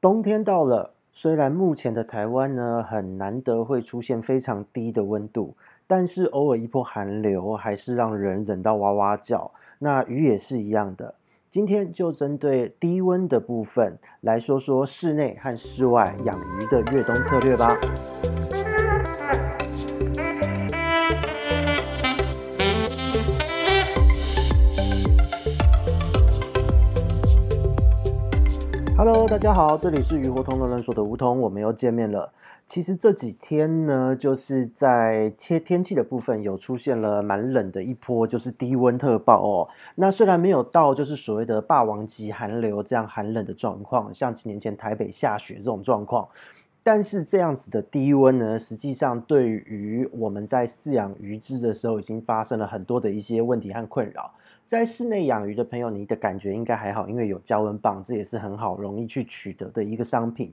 冬天到了，雖然目前的台灣呢很難得會出現非常低的溫度，但是偶爾一波寒流還是讓人冷到哇哇叫。那魚也是一樣的，今天就針對低溫的部分來說說室內和室外養魚的越冬策略吧。哈嘍大家好，這裡是魚活通亂亂說的梧桐，我們又見面了。其實這幾天呢，就是在切天氣的部分，有出現了蠻冷的一波，就是低溫特報哦。那雖然沒有到就是所謂的霸王級寒流這樣寒冷的狀況，像幾年前台北下雪這種狀況，但是這樣子的低溫呢，實際上對於我們在飼養魚隻的時候，已經發生了很多的一些問題和困擾。在室內養魚的朋友，你的感覺應該還好，因為有加溫棒，這也是很好、容易去取得的一個商品。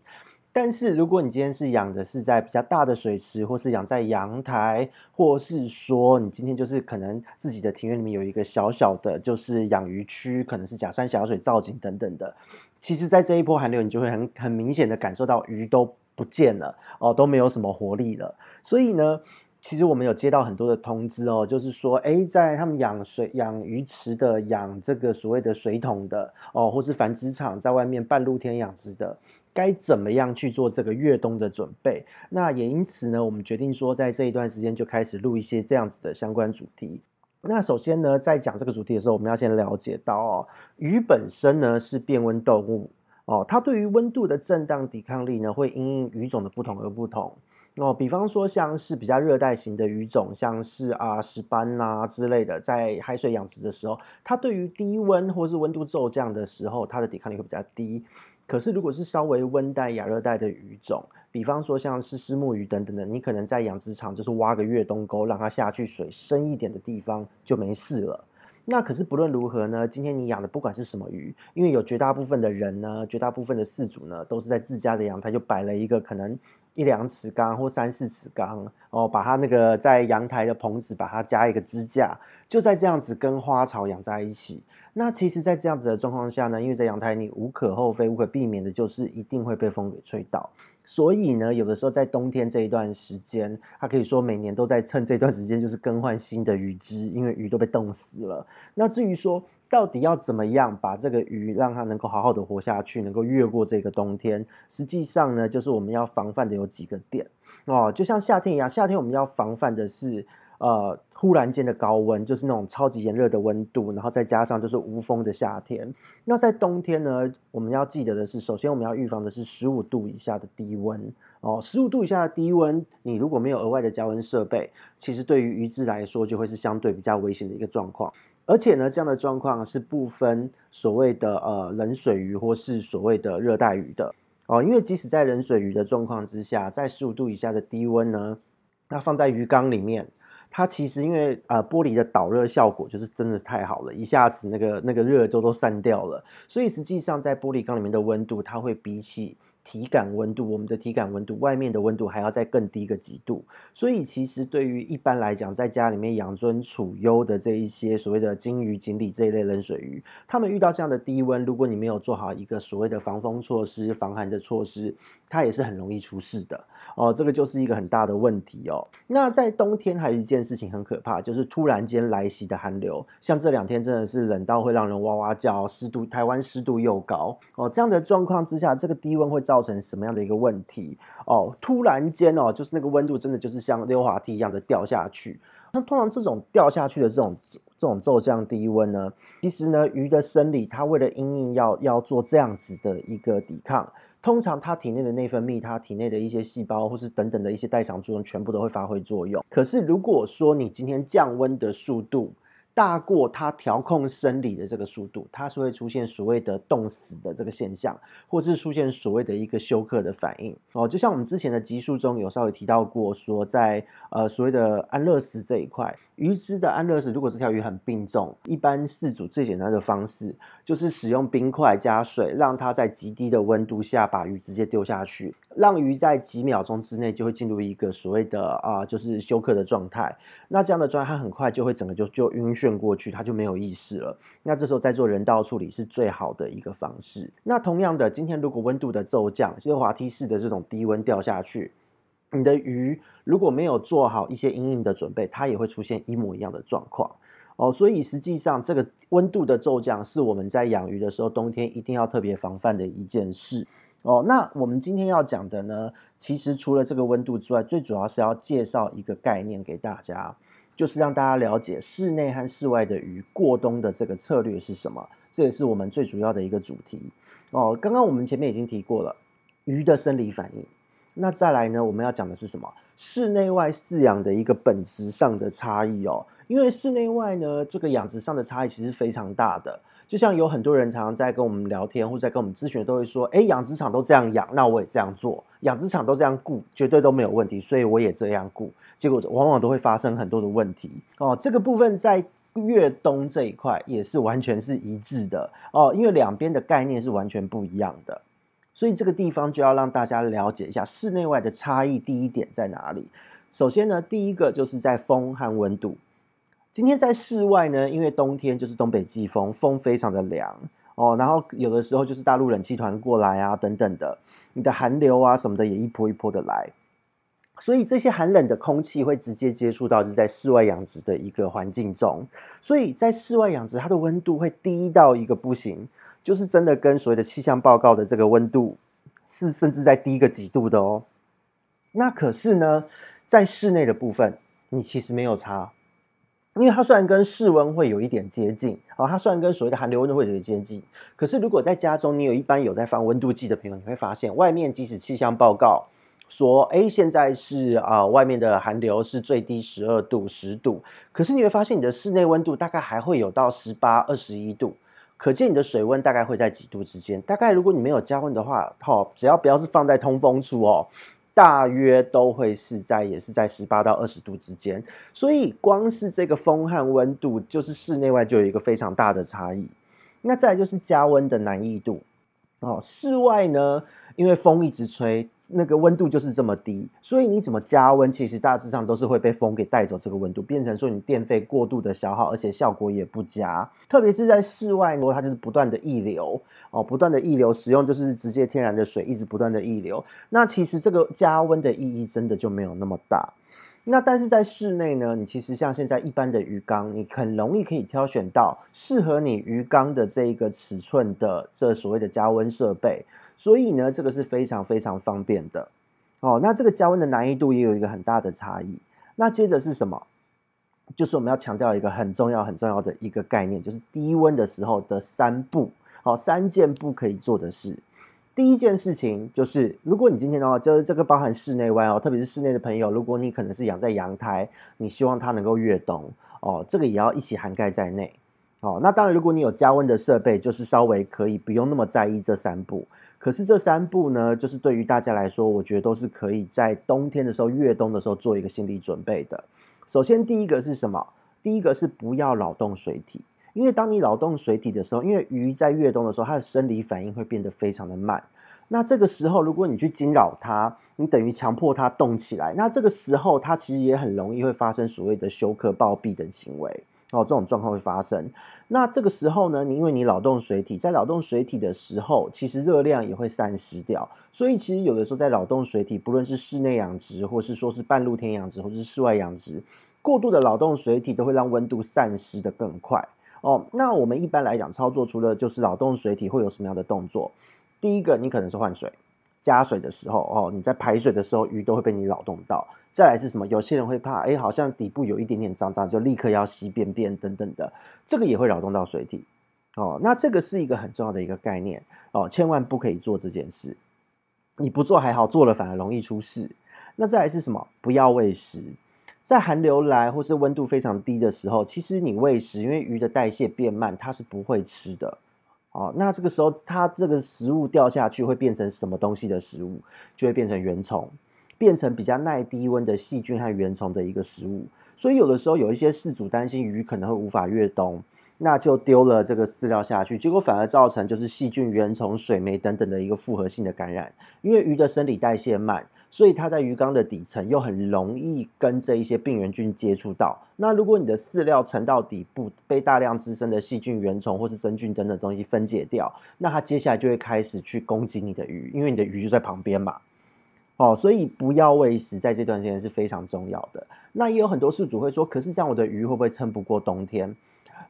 但是，如果你今天是養的是在比較大的水池，或是養在陽台，或是說你今天就是可能自己的庭院裡面有一個小小的，就是養魚區，可能是假山、小水造景等等的。其實，在這一波寒流，你就會很很明顯的感受到魚都不見了哦，都沒有什麼活力了。所以呢。其實我們有接到很多的通知哦，就是說，哎，在他們養水養魚池的、養這個所謂的水桶的哦，或是繁殖場在外面半露天養殖的，該怎麼樣去做這個越冬的準備？那也因此呢，我們決定說，在這一段時間就開始錄一些這樣子的相關主題。那首先呢，在講這個主題的時候，我們要先了解到哦，魚本身呢是變溫動物哦，它對於溫度的震盪抵抗力呢，會因應魚種的不同而不同。哦，比方說像是比較熱帶型的魚種，像是、R、啊石斑吶之類的，在海水養殖的時候，它對於低溫或是溫度驟降的時候，它的抵抗力會比較低。可是如果是稍微溫帶、亞熱帶的魚種，比方說像是虱目魚等等的，你可能在養殖場就是挖個越冬溝，讓它下去水深一點的地方就沒事了。那可是不論如何呢，今天你養的不管是什麼魚，因為有絕大部分的人呢，絕大部分的飼主呢，都是在自家的陽台就擺了一個可能一兩尺缸或三四尺缸哦，把它那個在陽台的棚子把它加一個支架，就在這樣子跟花草養在一起。那其實，在這樣子的狀況下呢，因為在陽台，你無可厚非，無可避免的，就是一定會被風給吹倒。所以呢，有的時候在冬天這一段時間，它可以說每年都在趁這段時間，就是更換新的魚隻，因為魚都被凍死了。那至於說到底要怎麼樣把這個魚讓它能夠好好的活下去，能夠越過這個冬天，實際上呢，就是我們要防範的有幾個點哦。就像夏天一樣，夏天我們要防範的是。呃，忽然間的高溫就是那種超級炎熱的溫度，然後再加上就是無風的夏天。那在冬天呢，我們要記得的是，首先我們要預防的是十五度以下的低溫哦。十五度以下的低溫，你如果沒有額外的加溫設備，其實對於魚隻來說就會是相對比較危險的一個狀況。而且呢，這樣的狀況是不分所謂的呃冷水魚或是所謂的熱帶魚的哦，因為即使在冷水魚的狀況之下，在十五度以下的低溫呢，那放在魚缸裡面。它其實因為、呃、玻璃的導熱效果就是真的太好了，一下子那個那個熱都都散掉了，所以實際上在玻璃缸裡面的溫度，它會比起體感溫度，我們的體感溫度，外面的溫度還要再更低一個幾度。所以其實對於一般來講，在家裡面養尊處優的這一些所謂的金魚、錦鯉這一類冷水魚，他們遇到這樣的低溫，如果你沒有做好一個所謂的防風措施、防寒的措施，它也是很容易出事的哦，這個就是一個很大的問題哦。那在冬天還有一件事情很可怕，就是突然間來襲的寒流，像這兩天真的是冷到會讓人哇哇叫。濕度台灣濕度又高哦，這樣的狀況之下，這個低溫會造成什麼樣的一個問題？哦，突然間哦，就是那個溫度真的就是像溜滑梯一樣的掉下去。那通常這種掉下去的這種這種驟降低溫呢，其實呢，魚的生理它為了因應要要做這樣子的一個抵抗。通常，它體內的內分泌，它體內的一些細胞，或是等等的一些代償作用，全部都會發揮作用。可是，如果說你今天降溫的速度大過它調控生理的這個速度，它是會出現所謂的凍死的這個現象，或是出現所謂的一個休克的反應。哦，就像我們之前的集數中有稍微提到過，說在呃所謂的安樂死這一塊。魚隻的安樂死，如果這條魚很病重，一般飼主最簡單的方式就是使用冰塊加水，讓它在極低的溫度下把魚直接丟下去，讓魚在幾秒鐘之內就會進入一個所謂的啊、呃，就是休克的狀態。那這樣的狀態，它很快就會整個就就暈眩過去，它就沒有意識了。那這時候再做人道處理是最好的一個方式。那同樣的，今天如果溫度的驟降，就是滑梯式的這種低溫掉下去。你的魚如果沒有做好一些因應的準備，它也會出現一模一樣的狀況哦。所以實際上，這個溫度的驟降是我們在養魚的時候冬天一定要特別防範的一件事哦。那我們今天要講的呢，其實除了這個溫度之外，最主要是要介紹一個概念給大家，就是讓大家了解室內和室外的魚過冬的這個策略是什麼。這也是我們最主要的一個主題哦。剛剛我們前面已經提過了，魚的生理反應。那再來呢？我們要講的是什麼？室內外飼養的一個本質上的差異哦。因為室內外呢，這個養殖上的差異其實非常大的。就像有很多人常常在跟我們聊天，或者在跟我們諮詢，都會說：“哎、欸，養殖場都這樣養，那我也這樣做；養殖場都這樣顧，絕對都沒有問題，所以我也這樣顧。”結果往往都會發生很多的問題哦。這個部分在越冬這一塊也是完全是一致的哦，因為兩邊的概念是完全不一樣的。所以這個地方就要讓大家了解一下室內外的差異。第一點在哪裡？首先呢，第一個就是在風和溫度。今天在室外呢，因為冬天就是東北季風，風非常的涼哦。然後有的時候就是大陸冷氣團過來啊、等等的，你的寒流啊什麼的也一波一波的來。所以這些寒冷的空氣會直接接觸到，就在室外養殖的一個環境中。所以在室外養殖，它的溫度會低到一個不行，就是真的跟所謂的氣象報告的這個溫度是甚至在低一個幾度的哦。那可是呢，在室內的部分，你其實沒有差，因為它雖然跟室溫會有一點接近，啊，它雖然跟所謂的寒流溫度會有一點接近，可是如果在家中你有一般有在放溫度計的朋友，你會發現外面即使氣象報告。說，哎，現在是啊，呃，外面的寒流是最低十二度十度，可是你會發現你的室內溫度大概還會有到十八、二十一度，可見你的水溫大概會在幾度之間。大概如果你沒有加溫的話，哦，只要不要是放在通風處哦，大約都會是在也是在十八到二十度之間。所以光是這個風和溫度，就是室內外就有一個非常大的差異。那再來就是加溫的難易度，哦，室外呢，因為風一直吹，那個溫度就是這麼低，所以你怎麼加溫，其實大致上都是會被風給帶走這個溫度，變成說你電費過度的消耗，而且效果也不佳。特別是在室外，它就是不斷的溢流哦，不斷的溢流，使用就是直接天然的水一直不斷的溢流，那其實這個加溫的意義真的就沒有那麼大。那但是在室內呢，你其實像現在一般的魚缸，你很容易可以挑選到適合你魚缸的這一個尺寸的這所謂的加溫設備，所以呢，這個是非常非常方便的。哦，那這個加溫的難易度也有一個很大的差異。那接着是什麼？就是我們要強調一個很重要很重要的一個概念，就是低溫的時候的三步，好，三件不可以做的事。第一件事情就是，如果你今天哦，就是這個包含室內外哦，特別是室內的朋友，如果你可能是養在陽台，你希望它能夠越冬哦，這個也要一起涵蓋在內哦。那當然，如果你有加溫的設備，就是稍微可以不用那麼在意這三步。可是這三步呢，就是對於大家來說，我覺得都是可以在冬天的時候越冬的時候做一個心理準備的。首先，第一個是什麼？第一個是不要擾動水體。因為當你擾動水體的時候，因為魚在越冬的時候，它的生理反應會變得非常的慢。那這個時候，如果你去驚擾它，你等於強迫它動起來。那這個時候，它其實也很容易會發生所謂的休克、暴斃等行為。哦，這種狀況會發生。那這個時候呢，你因為你擾動水體，在擾動水體的時候，其實熱量也會散失掉。所以，其實有的時候在擾動水體，不論是室內養殖，或是說是半露天養殖，或是室外養殖，過度的擾動水體都會讓溫度散失得更快。哦，那我們一般來講操作，除了就是擾動水體會有什麼樣的動作？第一個，你可能是換水、加水的時候，哦，你在排水的時候，魚都會被你擾動到。再來是什麼？有些人會怕，哎、欸，好像底部有一點點髒髒，就立刻要吸便便等等的，這個也會擾動到水體。哦，那這個是一個很重要的一個概念，哦，千萬不可以做這件事。你不做還好，做了反而容易出事。那再來是什麼？不要餵食。在寒流來或是溫度非常低的時候，其實你餵食，因為魚的代謝變慢，它是不會吃的哦。那這個時候，它這個食物掉下去會變成什麼東西的食物，就會變成原蟲，變成比較耐低溫的細菌和原蟲的一個食物。所以有的時候，有一些飼主擔心魚可能會無法越冬，那就丟了這個飼料下去，結果反而造成就是細菌、原蟲、水黴等等的一個複合性的感染，因為魚的生理代謝慢。所以它在魚缸的底層又很容易跟這一些病原菌接觸到。那如果你的飼料沉到底部，被大量滋生的細菌、原蟲或是真菌等等東西分解掉，那它接下來就會開始去攻擊你的魚，因為你的魚就在旁邊嘛。哦，所以不要餵食，在這段時間是非常重要的。那也有很多飼主會說，可是這樣我的魚會不會撐不過冬天？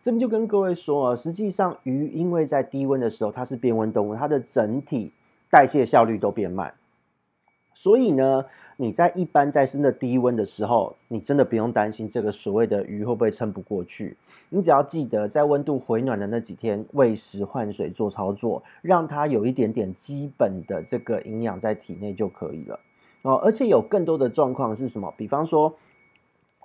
這邊就跟各位說啊，實際上魚因為在低溫的時候，它是變溫動物，它的整體代謝效率都變慢。所以呢，你在一般在生的低溫的時候，你真的不用擔心這個所謂的魚會不會撐不過去。你只要記得在溫度回暖的那幾天，餵食、換水、做操作，讓它有一點點基本的這個營養在體內就可以了。哦，而且有更多的狀況是什麼？比方說，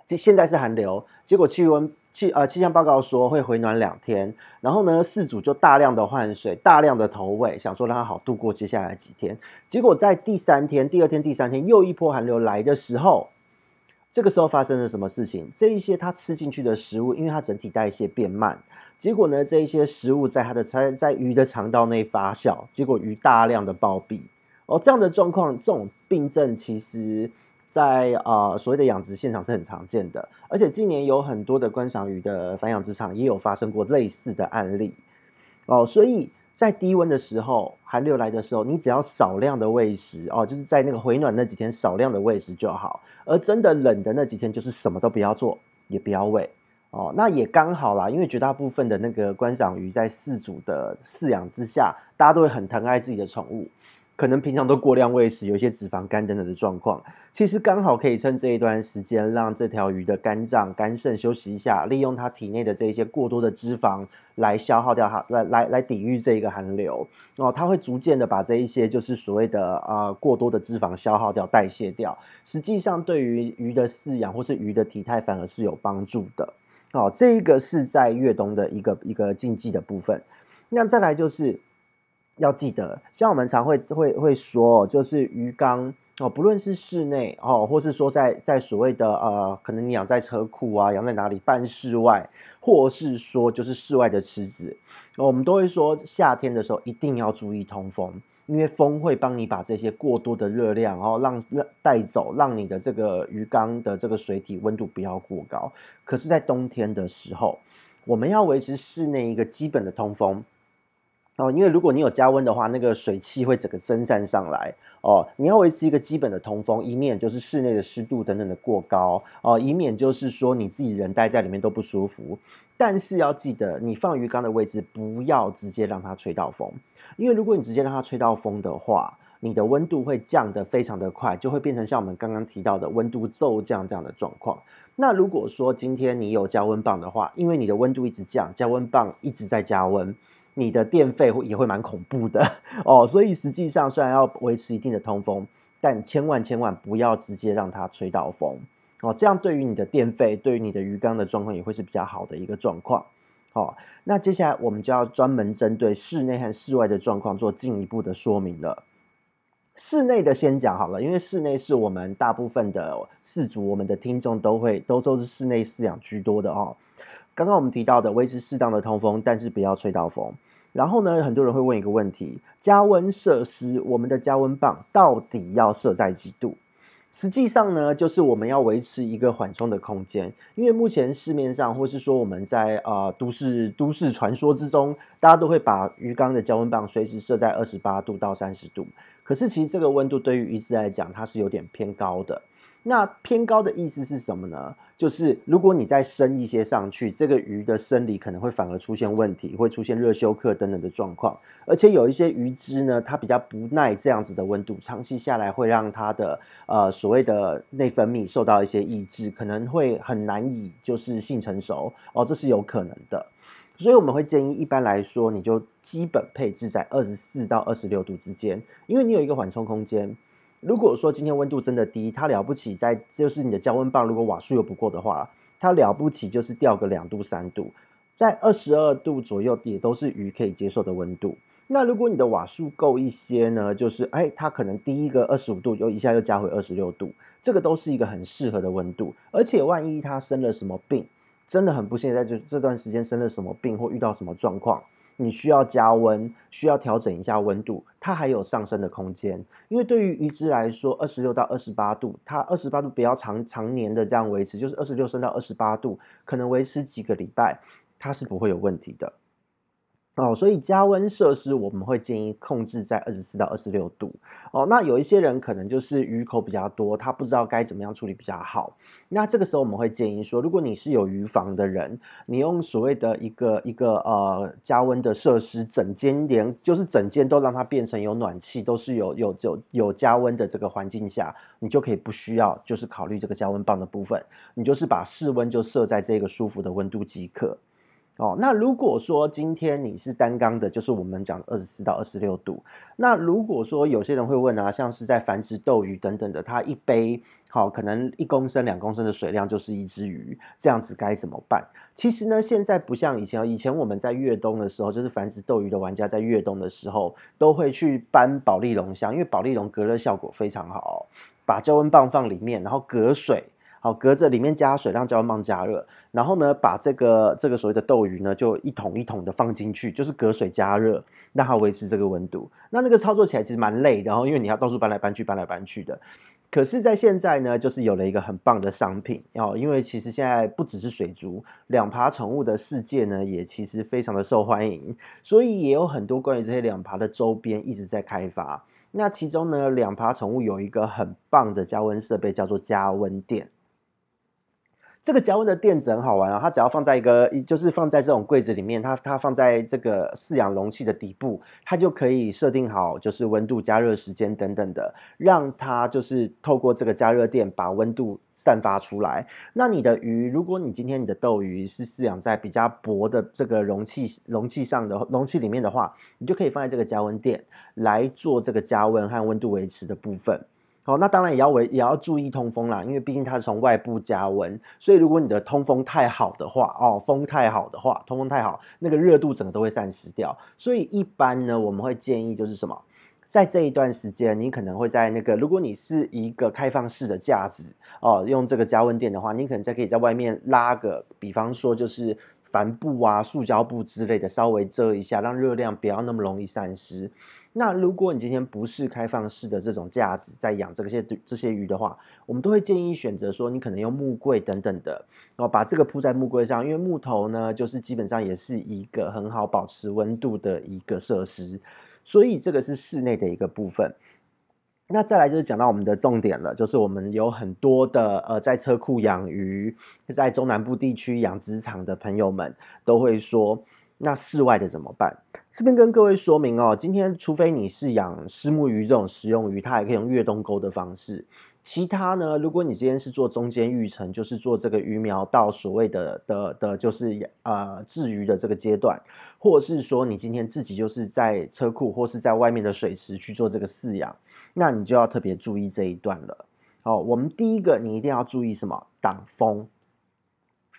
現在是寒流，結果氣溫。氣呃，氣象報告說會回暖兩天，然後呢，飼主就大量的換水，大量的投餵，想說讓它好度過接下來幾天。結果在第三天、第二天、第三天又一波寒流來的時候，這個時候發生了什麼事情？這一些它吃進去的食物，因為它整體代謝變慢，結果呢，這一些食物在它的腸在魚的腸道內發酵，結果魚大量的暴斃。哦，這樣的狀況，這種病症其實。在啊、呃，所謂的養殖現場是很常見的，而且近年有很多的觀賞魚的繁養殖場也有發生過類似的案例哦。所以在低溫的時候，寒流來的時候，你只要少量的餵食哦，就是在那個回暖那幾天少量的餵食就好，而真的冷的那幾天就是什麼都不要做，也不要餵哦。那也剛好啦，因為絕大部分的那個觀賞魚在飼主的飼養之下，大家都會很疼愛自己的寵物。可能平常都過量餵食，有一些脂肪肝等等的狀況，其實剛好可以趁這一段時間，讓這條魚的肝臟、肝腎休息一下，利用它體內的這一些過多的脂肪來消耗掉它，來來來抵禦這一個寒流。哦，它會逐漸的把這一些就是所謂的啊、呃、過多的脂肪消耗掉、代謝掉。實際上，對於魚的飼養或是魚的體態反而是有幫助的。哦，這個是在越冬的一個一個禁忌的部分。那再來就是。要記得，像我們常會會會說哦，就是魚缸哦，不論是室內哦，或是說在在所謂的呃，可能你養在車庫啊，養在哪裡半室外，或是說就是室外的池子哦，我們都會說夏天的時候一定要注意通風，因為風會幫你把這些過多的熱量哦，讓讓帶走，讓你的這個魚缸的這個水體溫度不要過高。可是，在冬天的時候，我們要維持室內一個基本的通風。哦，因為如果你有加溫的話，那個水汽會整個蒸散上來。哦，你要維持一個基本的通風，以免就是室內的濕度等等的過高。哦，以免就是說你自己人待在裡面都不舒服。但是要記得，你放魚缸的位置不要直接讓它吹到風，因為如果你直接讓它吹到風的話，你的溫度會降得非常的快，就會變成像我們剛剛提到的溫度驟降這樣的狀況。那如果說今天你有加溫棒的話，因為你的溫度一直降，加溫棒一直在加溫。你的電費會也會蠻恐怖的哦，所以實際上雖然要維持一定的通風，但千萬千萬不要直接讓它吹到風哦，這樣對於你的電費，對於你的魚缸的狀況也會是比較好的一個狀況。好，哦，那接下來我們就要專門針對室內和室外的狀況做進一步的說明了。室內的先講好了，因為室內是我們大部分的飼主，我們的聽眾都會都都是室內飼養居多的哦。剛剛我們提到的，維持適當的通風，但是不要吹到風。然後呢，很多人會問一個問題：加溫設施，我們的加溫棒到底要設在幾度？實際上呢，就是我們要維持一個緩衝的空間，因為目前市面上或是說我們在、呃、都市都市傳說之中，大家都會把魚缸的加溫棒隨時設在二十八度到三十度。可是其實這個溫度對於魚只來講，它是有點偏高的。那偏高的意思是什麼呢？就是如果你再升一些上去，這個魚的生理可能會反而出現問題，會出現熱休克等等的狀況。而且有一些魚只呢，它比較不耐這樣子的溫度，長期下來會讓它的呃所謂的內分泌受到一些抑制，可能會很難以就是性成熟哦，這是有可能的。所以我們會建議，一般來說，你就基本配置在二十四到二十六度之間，因為你有一個緩衝空間。如果說今天溫度真的低，它了不起在就是你的加溫棒，如果瓦數又不夠的話，它了不起就是掉個兩度三度，在二十二度左右也都是魚可以接受的溫度。那如果你的瓦數夠一些呢，就是哎，它可能低一個二十五度，又一下又加回二十六度，這個都是一個很適合的溫度。而且萬一它生了什麼病。真的很不幸，在就這段時間生了什麼病或遇到什麼狀況，你需要加溫，需要調整一下溫度，它還有上升的空間。因為對於魚隻來說，二十六到二十八度，它二十八度比較常常年的這樣維持，就是二十六升到二十八度，可能維持幾個禮拜，它是不會有問題的。哦，所以加溫設施我們會建議控制在二十四到二十六度。哦，那有一些人可能就是魚口比較多，他不知道該怎麼樣處理比較好。那這個時候我們會建議說，如果你是有魚房的人，你用所謂的一個一個呃加溫的設施，整間連就是整間都讓它變成有暖氣，都是有有有有加溫的這個環境下，你就可以不需要就是考慮這個加溫棒的部分，你就是把室溫就設在這個舒服的溫度即可。哦，那如果說今天你是單缸的，就是我們講的二十四到二十六度。那如果說有些人會問啊，像是在繁殖鬥魚等等的，它一杯好、哦，可能一公升、兩公升的水量就是一只魚，這樣子該怎麼辦？其實呢，現在不像以前，以前我們在越冬的時候，就是繁殖鬥魚的玩家在越冬的時候，都會去搬保利龍箱，因為保利龍隔熱效果非常好，把加溫棒放裡面，然後隔水。好，隔着裡面加水，讓加溫棒加熱，然後呢，把這個這個所謂的鬥魚呢，就一桶一桶的放進去，就是隔水加熱，讓它維持這個溫度。那那個操作起來其實蠻累的，然後因為你要到處搬來搬去，搬來搬去的。可是，在現在呢，就是有了一個很棒的商品哦，因為其實現在不只是水族，兩爬寵物的世界呢，也其實非常的受歡迎，所以也有很多關於這些兩爬的周邊一直在開發。那其中呢，兩爬寵物有一個很棒的加溫設備，叫做加溫墊。這個加溫的墊子很好玩啊，它只要放在一個，就是放在這種櫃子裡面，它，它放在這個飼養容器的底部，它就可以設定好，就是溫度、加熱時間等等的，讓它就是透過這個加熱墊把溫度散發出來。那你的魚，如果你今天你的鬥魚是飼養在比較薄的這個容器容器上的容器裡面的話，你就可以放在這個加溫墊來做這個加溫和溫度維持的部分。好，那當然也要為也要注意通風啦，因為畢竟它是從外部加溫，所以如果你的通風太好的話，哦，風太好的話，通風太好，那個熱度整個都會散失掉。所以一般呢，我們會建議就是什麼，在這一段時間，你可能會在那個，如果你是一個開放式的架子哦，用這個加溫墊的話，你可能再可以在外面拉個，比方說就是帆布啊、塑膠布之類的，稍微遮一下，讓熱量不要那麼容易散失。那如果你今天不是開放式的這種架子在養這個些這些魚的話，我們都會建議選擇說你可能用木櫃等等的，然後把這個鋪在木櫃上，因為木頭呢就是基本上也是一個很好保持溫度的一個設施，所以這個是室內的一個部分。那再來就是講到我們的重點了，就是我們有很多的呃在車庫養魚，在中南部地區養殖場的朋友們都會說。那室外的怎麼辦？這邊跟各位說明哦，今天除非你是養虱目魚這種食用魚，它還可以用越冬溝的方式。其他呢，如果你今天是做中間育成，就是做這個魚苗到所謂的的的，的的就是養呃稚魚的這個階段，或者是說你今天自己就是在車庫或是在外面的水池去做這個飼養，那你就要特別注意這一段了。哦，我們第一個你一定要注意什麼？擋風。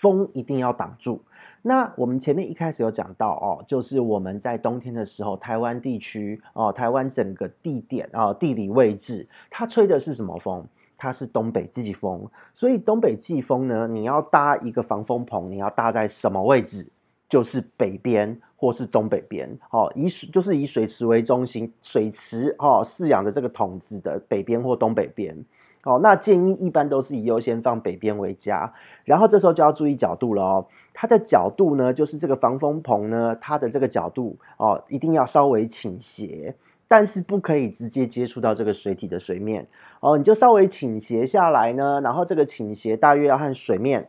風一定要擋住。那我們前面一開始有講到哦，就是我們在冬天的時候，台灣地區哦，台灣整個地點啊、哦，地理位置，它吹的是什麼風？它是東北季風。所以東北季風呢，你要搭一個防風棚，你要搭在什麼位置？就是北邊或是東北邊哦，以水就是以水池為中心，水池哦，飼養的這個桶子的北邊或東北邊。哦，那建議一般都是以優先放北邊為佳，然後這時候就要注意角度了哦。它的角度呢，就是這個防風棚呢，它的這個角度哦，一定要稍微傾斜，但是不可以直接接觸到這個水體的水面哦。你就稍微傾斜下來呢，然後這個傾斜大約要和水面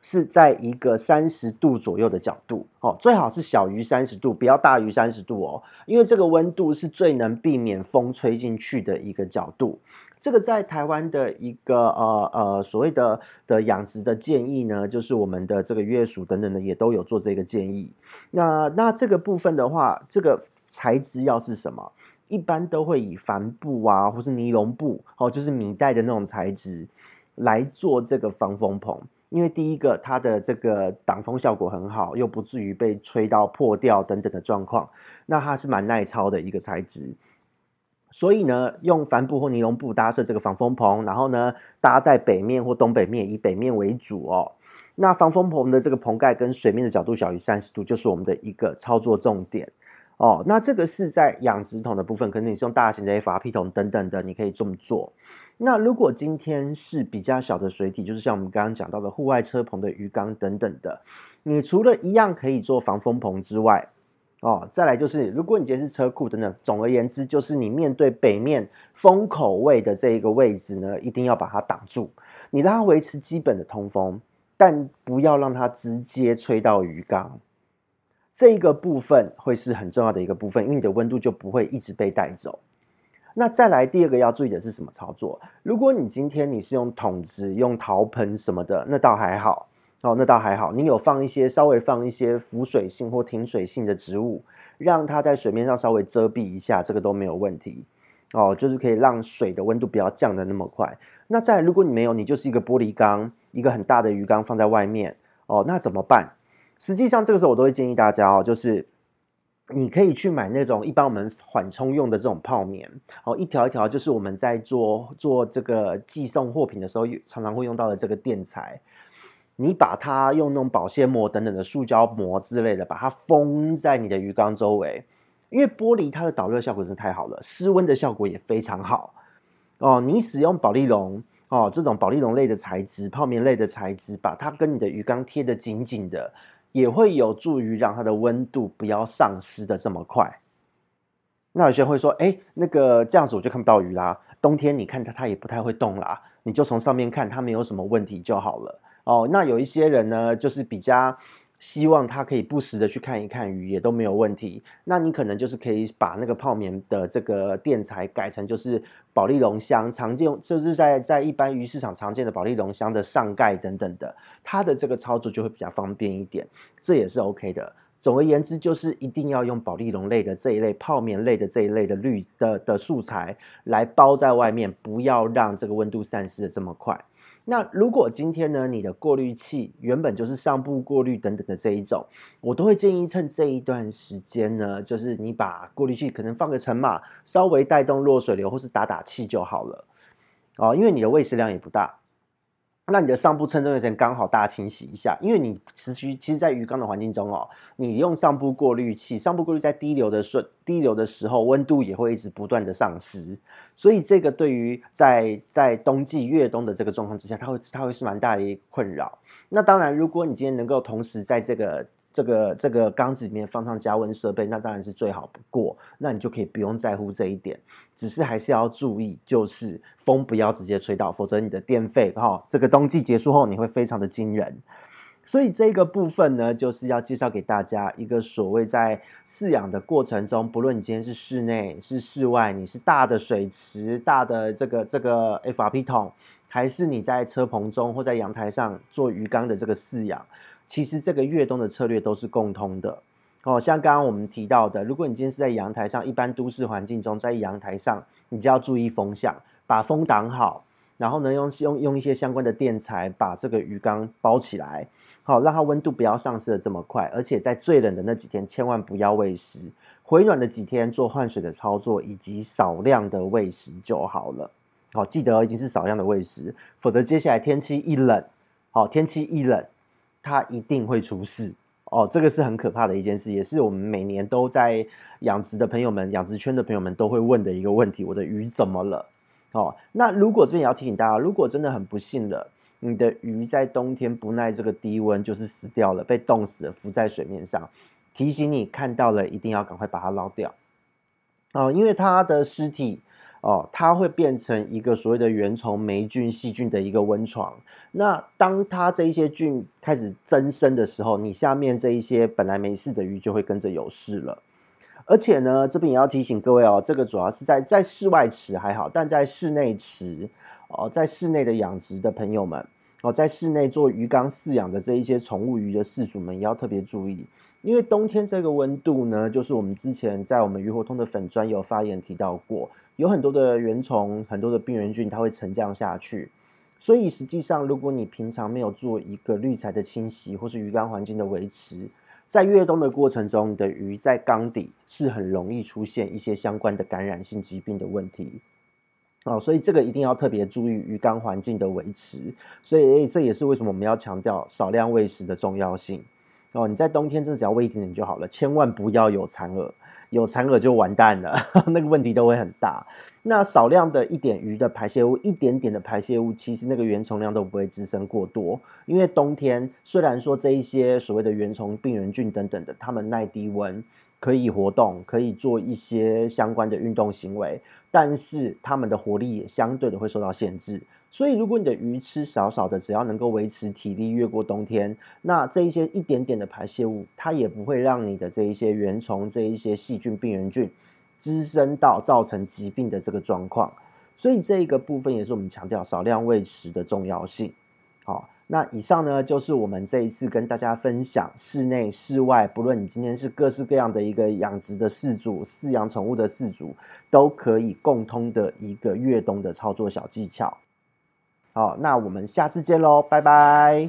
是在一個三十度左右的角度哦，最好是小於三十度，不要大於三十度哦，因為這個溫度是最能避免風吹進去的一個角度。這個在台灣的一個呃呃所謂的的養殖的建議呢，就是我們的這個越冬等等的也都有做這個建議。那那這個部分的話，這個材質要是什麼？一般都會以帆布啊，或是尼龍布，哦，就是米袋的那種材質來做這個防風棚，因為第一個它的這個擋風效果很好，又不至於被吹到破掉等等的狀況，那它是蠻耐操的一個材質。所以呢，用帆布或尼龍布搭設這個防風棚，然後呢，搭在北面或東北面，以北面為主哦。那防風棚的這個棚蓋跟水面的角度小於三十度，就是我們的一個操作重點哦。那這個是在養殖桶的部分，可能你是用大型的 FRP 桶等等的，你可以這麼做。那如果今天是比較小的水體，就是像我們剛剛講到的戶外車棚的魚缸等等的，你除了一樣可以做防風棚之外，哦，再來就是，如果你今天是車庫等等，總而言之，就是你面對北面風口位的這一個位置呢，一定要把它擋住。你讓它維持基本的通風，但不要讓它直接吹到魚缸。這一個部分會是很重要的一個部分，因為你的溫度就不會一直被帶走。那再來第二個要注意的是什麼操作？如果你今天你是用桶子、用陶盆什麼的，那倒還好。哦，那倒還好。你有放一些稍微放一些浮水性或挺水性的植物，讓它在水面上稍微遮蔽一下，這個都沒有問題。哦，就是可以讓水的溫度不要降得那麼快。那再來如果你沒有，你就是一個玻璃缸，一個很大的魚缸放在外面。哦，那怎麼辦？實際上這個時候我都會建議大家哦，就是你可以去買那種一般我們緩衝用的這種泡棉。哦，一條一條，就是我們在做做這個寄送貨品的時候，常常會用到的這個墊材。你把它用那種保鮮膜等等的塑膠膜之類的，把它封在你的魚缸周圍，因為玻璃它的導熱效果真的太好了，失溫的效果也非常好。哦，你使用保麗龍哦，這種保麗龍類的材質、泡棉類的材質，把它跟你的魚缸貼得緊緊的，也會有助於讓它的溫度不要喪失的這麼快。那有些人會說：“哎、欸，那個這樣子我就看不到魚啦。冬天你看它它也不太會動啦，你就從上面看它沒有什麼問題就好了。”哦，那有一些人呢，就是比較希望他可以不時的去看一看魚，也都沒有問題。那你可能就是可以把那個泡棉的這個墊材改成就是保麗龍箱常見，就是在在一般魚市場常見的保麗龍箱的上蓋等等的，它的這個操作就會比較方便一點，這也是 OK 的。總而言之，就是一定要用保利龍類的這一類、泡棉類的這一類的濾的的素材來包在外面，不要讓這個溫度散失的這麼快。那如果今天呢，你的過濾器原本就是上部過濾等等的這一種，我都會建議趁這一段時間呢，就是你把過濾器可能放個層嘛，稍微帶動落水流或是打打氣就好了。哦，因為你的餵食量也不大。那你的上部稱重有前剛好大清洗一下，因為你持續其實在魚缸的環境中哦，你用上部過濾器，上部過濾在低流的順低流的時候，溫度也會一直不斷的喪失，所以這個對於在在冬季越冬的這個狀況之下，它會它會是蠻大的困擾。那當然，如果你今天能夠同時在這個。這個這個缸子裡面放上加溫設備，那當然是最好不過。那你就可以不用在乎這一點，只是還是要注意，就是風不要直接吹到，否則你的電費哈、哦，這個冬季結束後你會非常的驚人。所以這個部分呢，就是要介紹給大家一個所謂在飼養的過程中，不論你今天是室內、是室外，你是大的水池、大的這個這個 FRP 桶，還是你在車棚中或在陽台上做魚缸的這個飼養。其實這個越冬的策略都是共通的，哦，像剛剛我們提到的，如果你今天是在陽台上，一般都市環境中，在陽台上，你就要注意風向，把風擋好，然後呢，用用用一些相關的墊材把這個魚缸包起來，好，讓它溫度不要上升的這麼快，而且在最冷的那幾天，千萬不要餵食，回暖的幾天做換水的操作以及少量的餵食就好了，好，記得哦，一定是少量的餵食，否則接下來天氣一冷，好，天氣一冷。它一定會出事哦，這個是很可怕的一件事，也是我們每年都在養殖的朋友們、養殖圈的朋友們都會問的一個問題：我的魚怎麼了？哦，那如果這邊也要提醒大家，如果真的很不幸的，你的魚在冬天不耐這個低溫，就是死掉了，被凍死了，浮在水面上，提醒你看到了，一定要趕快把它撈掉哦，因為它的屍體。哦，它會變成一個所謂的原蟲、黴菌、細菌的一個溫床。那當它這一些菌開始增生的時候，你下面這一些本來沒事的魚就會跟着有事了。而且呢，這邊也要提醒各位哦，這個主要是在在室外池還好，但在室內池哦，在室內的養殖的朋友們，哦，在室內做魚缸飼養的這一些寵物魚的飼主們，也要特別注意。因為冬天這個溫度呢，就是我們之前在我們魚活通的粉專有發言提到過，有很多的原蟲、很多的病原菌，它會沉降下去。所以實際上，如果你平常沒有做一個濾材的清洗，或是魚缸環境的維持，在越冬的過程中，你的魚在缸底是很容易出現一些相關的感染性疾病的問題。哦，所以這個一定要特別注意魚缸環境的維持。所以，這也是為什麼我們要強調少量餵食的重要性。哦，你在冬天真的只要餵一點點就好了，千萬不要有殘餌，有殘餌就完蛋了，呵呵，那個問題都會很大。那少量的一點魚的排泄物，一點點的排泄物，其實那個原蟲量都不會滋生過多，因為冬天雖然說這一些所謂的原蟲、病原菌等等的，它們耐低溫，可以活動，可以做一些相關的運動行為。但是它們的活力也相對的會受到限制，所以如果你的魚吃少少的，只要能夠維持體力越過冬天，那這一些一點點的排泄物，它也不會讓你的這一些原蟲、這一些細菌、病原菌滋生到造成疾病的這個狀況。所以這一個部分也是我們強調少量餵食的重要性。好。那以上呢，就是我們這一次跟大家分享室內、室外，不論你今天是各式各樣的一個養殖的飼主、飼養寵物的飼主，都可以共通的一個越冬的操作小技巧。好，那我們下次見嘍，拜拜。